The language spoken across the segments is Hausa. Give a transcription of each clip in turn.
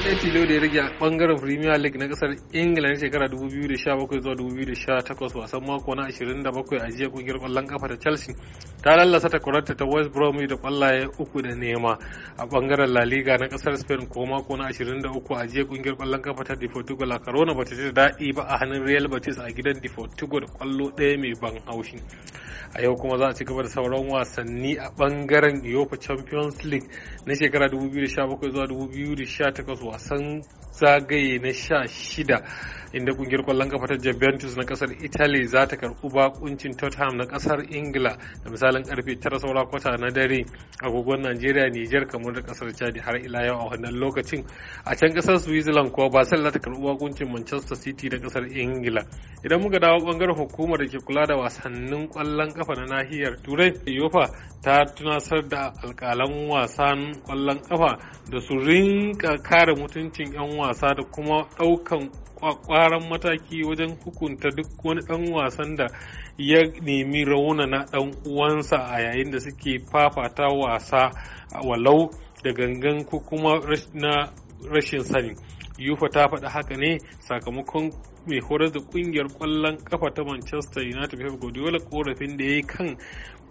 ɗaya tilo da ya rage a ɓangaren premier league na ƙasar england shekara 2017 zuwa 2018 wasan mako na 27 a jiya ƙungiyar ƙwallon ƙafa ta chelsea ta lallasa ta kwararta ta west bromwich da ƙwallaye uku da nema a ɓangaren la liga na ƙasar spain ko mako na 23 a jiya ƙungiyar ƙwallon ƙafa ta deportivo la corona ba ta ji daɗi ba a hannun real betis a gidan deportivo da ƙwallo ɗaya mai ban haushi a yau kuma za a ci gaba da sauran wasanni a ɓangaren europa champions league na shekara 2017 zuwa 2018 wasan zagaye na sha shida inda kungiyar kwallon kafa ta Juventus na kasar Italy za ta karɓi bakuncin Tottenham na kasar Ingila da misalin karfe 9 saura kwata na dare agogon Najeriya Nijar kamar da kasar Chad har ila yau a wannan lokacin a can kasar Switzerland kuwa Basel za ta karɓi bakuncin Manchester City na kasar Ingila idan muka dawo bangaren hukumar da ke kula da wasannin kwallon kafa na nahiyar Turai yofa. ta tunasar da alkalan wasan kwallon kafa da su rinka kare mutuncin 'yan wasa da kuma daukan kwakwaran mataki wajen hukunta duk wani dan wasan da ya nemi rauna na dan uwansa a yayin da suke fafata wasa walau da gangan ko kuma na rashin sani yufa ta faɗi haka ne sakamakon mai horar da kungiyar kwallon kafa ta manchester united pep guardiola korafin da ya yi kan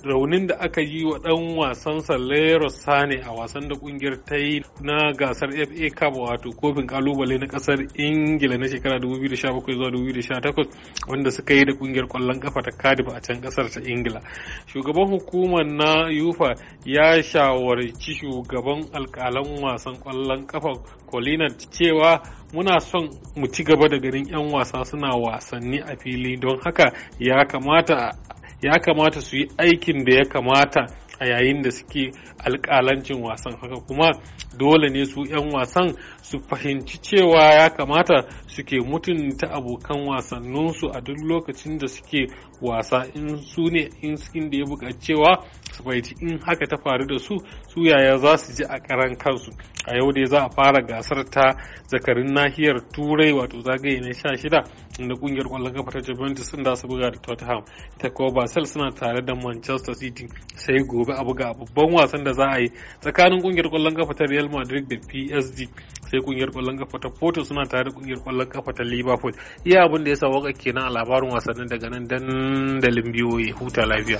raunin da aka yi wa dan wasansa salero Sane a wasan da kungiyar ta yi na gasar FA Cup wato kofin kalubale na kasar Ingila na shekara 2017 zuwa 2018 wanda suka yi da kungiyar kwallon kafa ta Cardiff a can kasar ta Ingila. Shugaban hukumar na ufa ya shawarci shugaban alkalan wasan kwallon kafa Colina cewa muna son mu ci gaba da garin 'yan wasa suna wasanni a fili don haka ya kamata su yi aikin da ya kamata a yayin da suke alkalancin wasan haka kuma dole ne su 'yan wasan su fahimci cewa ya kamata suke mutunta abokan wasanninsu a duk lokacin da suke wasa in su ne in da ya buƙaci cewa su in haka ta faru da su su yaya za su ji a karan kansu a yau dai za a fara gasar ta zakarin nahiyar turai wato zagaye na sha shida inda kungiyar kwallon kafa ta juventus sun da su buga da tottenham ta kuma basel suna tare da manchester city sai gobe a buga babban wasan da za a yi tsakanin kungiyar kwallon kafa ta real madrid da psg sai kungiyar kwallon kafa ta porto suna tare da kungiyar kwallon kafa ta liverpool iya abin da ya sa waka kenan a labarin wasannin daga nan dandalin ya huta lafiya